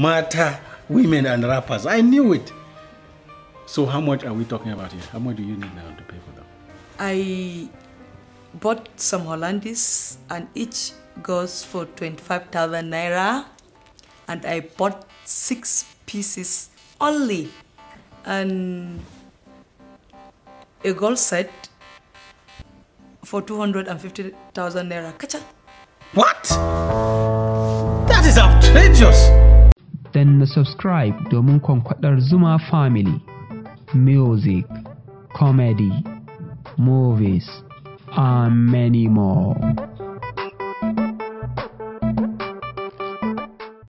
Mata, women and rappers. I knew it. So how much are we talking about here? How much do you need now to pay for them? I bought some Hollandis and each goes for 25,000 naira and I bought six pieces only and a gold set for 250,000 naira. Kacha. What? That is outrageous! dan na subscribe domin kwankwadar zuma family music comedy movies and many more